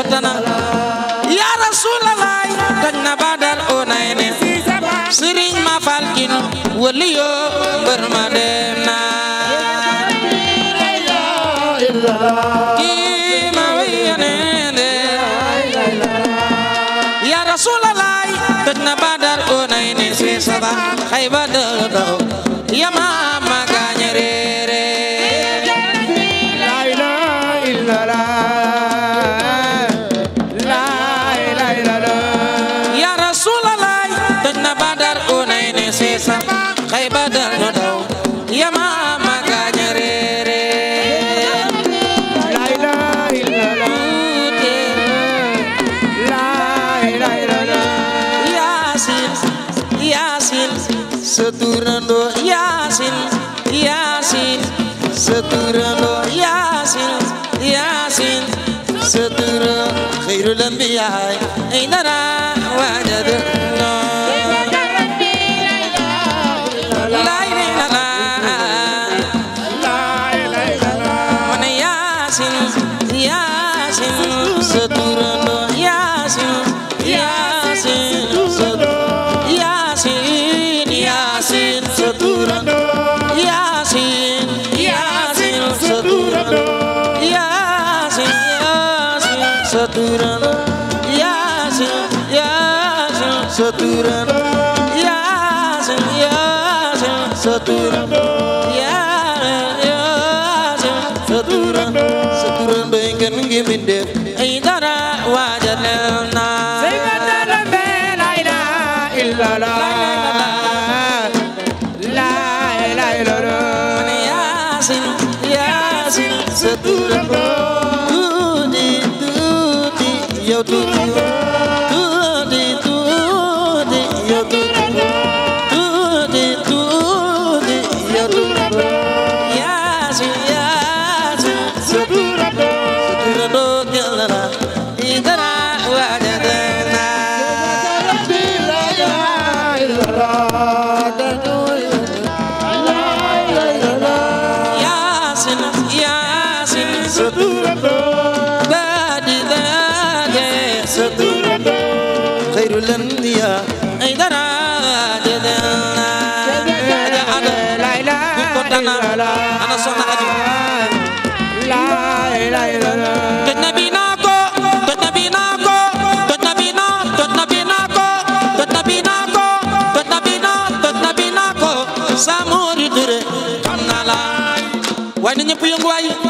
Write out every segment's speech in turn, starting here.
kotana ya rasulallah toj na badal o nay ne sëriñ ma fal kin waliyo mbër ma dem na sam xay badal no daw yama ma gaaña reere lay lay lay lay yaasin yaasin sa turando yaasin yaasin sa turando yaasin yaasin sa turando xayrul anbiyaay ay dara waajadu yaasin yaasin sa turan yaasin yaasin sa turan yaasin yaasin sa turan yaasin yaasin sa turan sa turan doy ngeen ngi mbindeef procedura ñëpp yëngu waay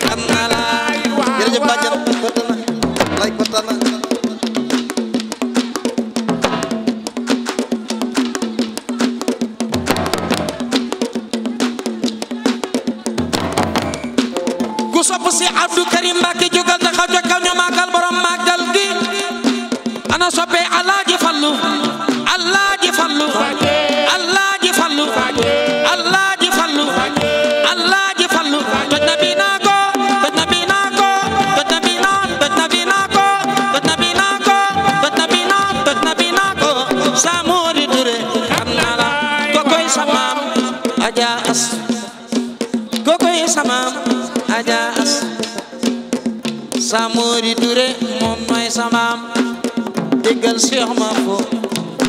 déggal Cheikh ma fo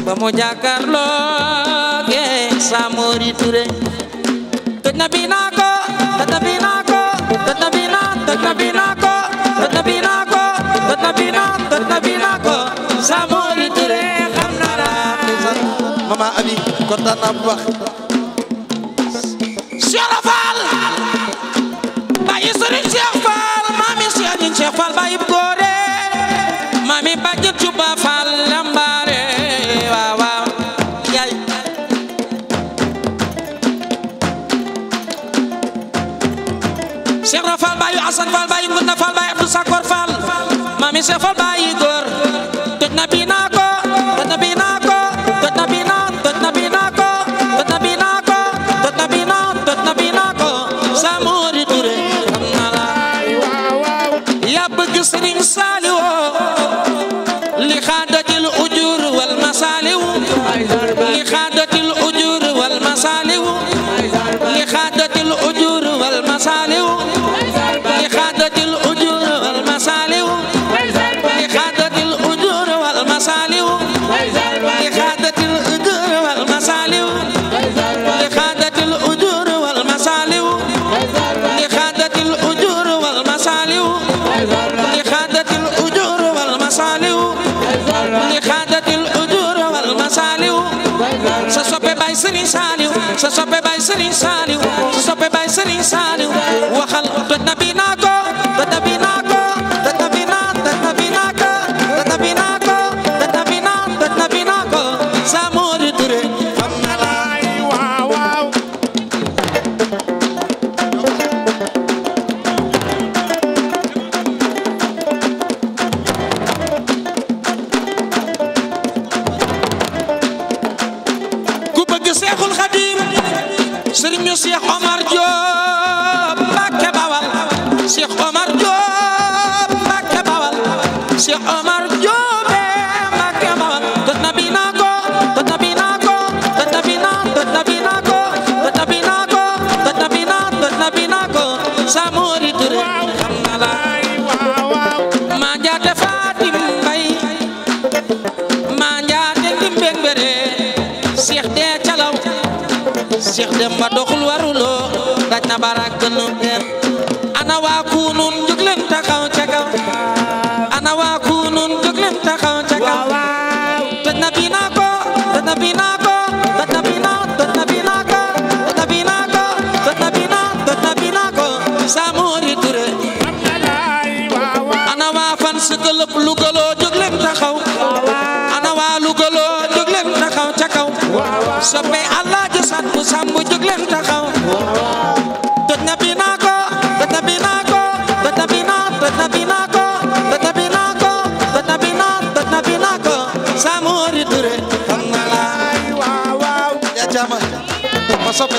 ba mu jàkkaarloo ke Samori Touré toj na bi naa ko toj na bi naa ko toj na bi naa toj na bi naa ko toj na bi naa ko toj na bi naa toj na bi naa ko Samori Touré xam na la mama abi kontaan naa bu baax Cheikh Fall bàyyi Serigne Cheikh Fall maami Serigne Cheikh Fall bàyyi bu mooy safal bàyyi góor toj na bi naa ko toj na bi naa ko toj na bi naa toj na bi naa ko toj na bi naa ko toj na bi naa toj na bi naa ko Samori Touré xam na la yaa bëgg sëriñ Saaliwoo li xaadatil ujur wal masaaliw li xaadatil ujur wal masaaliw li xaadatil ujur wal masaaliw li xaadatil sa soppe bay Serigne Saliou sa soppe bay Serigne Saliou sa soppe bay Serigne Saliou waxal Cheikh Omar Diop Mbacké Bawal Cheikh Omar Diop Mbacké Bawal Cheikh Omar Cheikh Demba doxul waruloo daj na barak nu benn ana waa kunun jóg leen taxaw ca kaw ana waa kunun jóg leen taxaw ca kaw daj na bi naa ko daj na bi naa ko daj na bi naa daj na bi naa ko daj na bi naa ko daj na bi naa daj na bi naa ko Samori Touré ana waa fan si club Louga loo jóg leen taxaw ana waa Louga loo jóg leen taxaw ca kaw soppe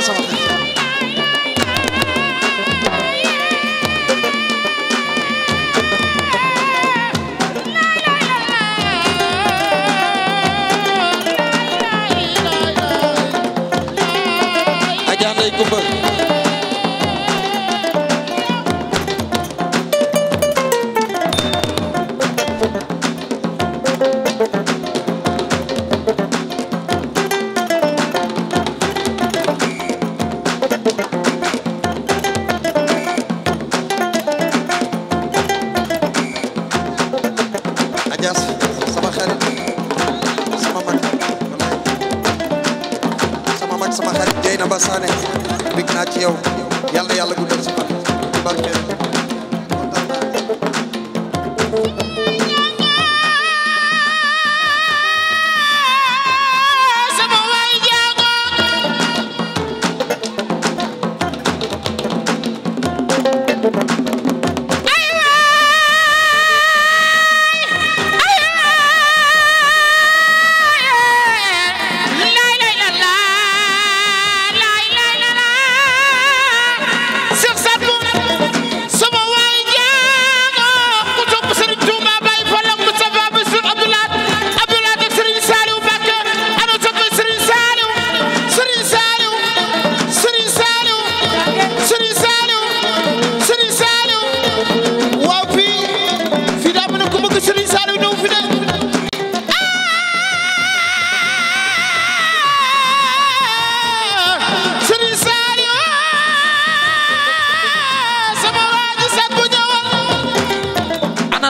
sama xel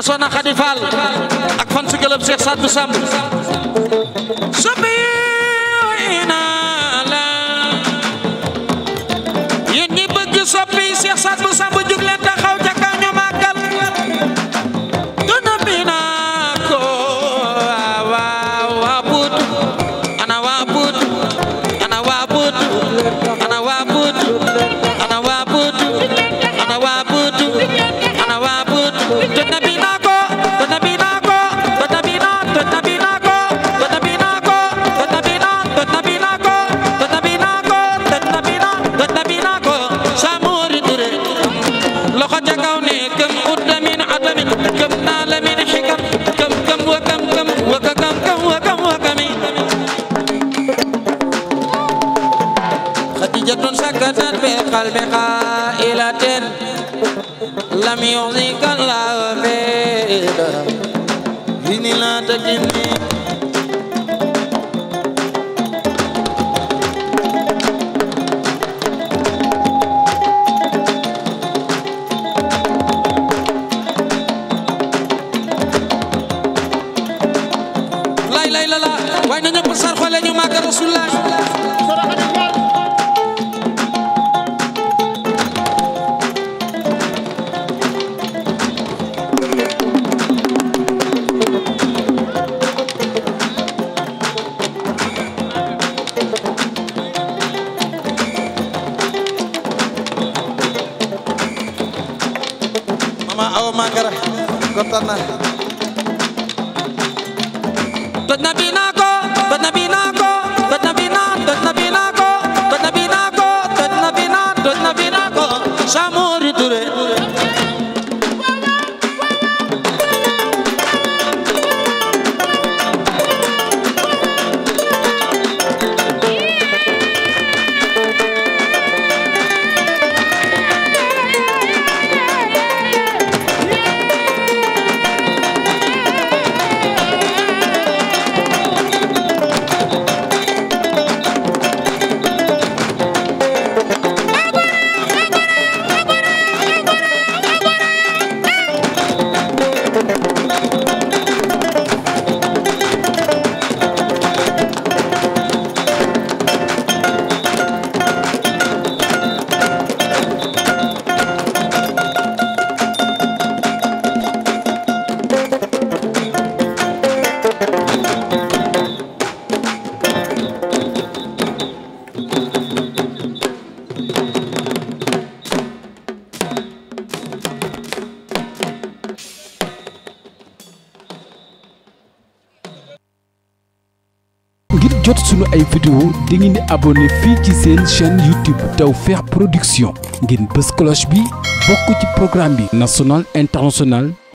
soxna Khady Fall ak fan su gëlëm Cheikh Sadou Samb toj na toj na bii naa ko toj na bii naa ko toj na bii naa toj na bii naa ko toj na bii naa ko toj na bii naa toj na bii naa ko ay vidéo da ngeen di abonné fii ci seen chaîne YouTube Tawfekh Production ngir bës cloche bi bokk ci programme bi national international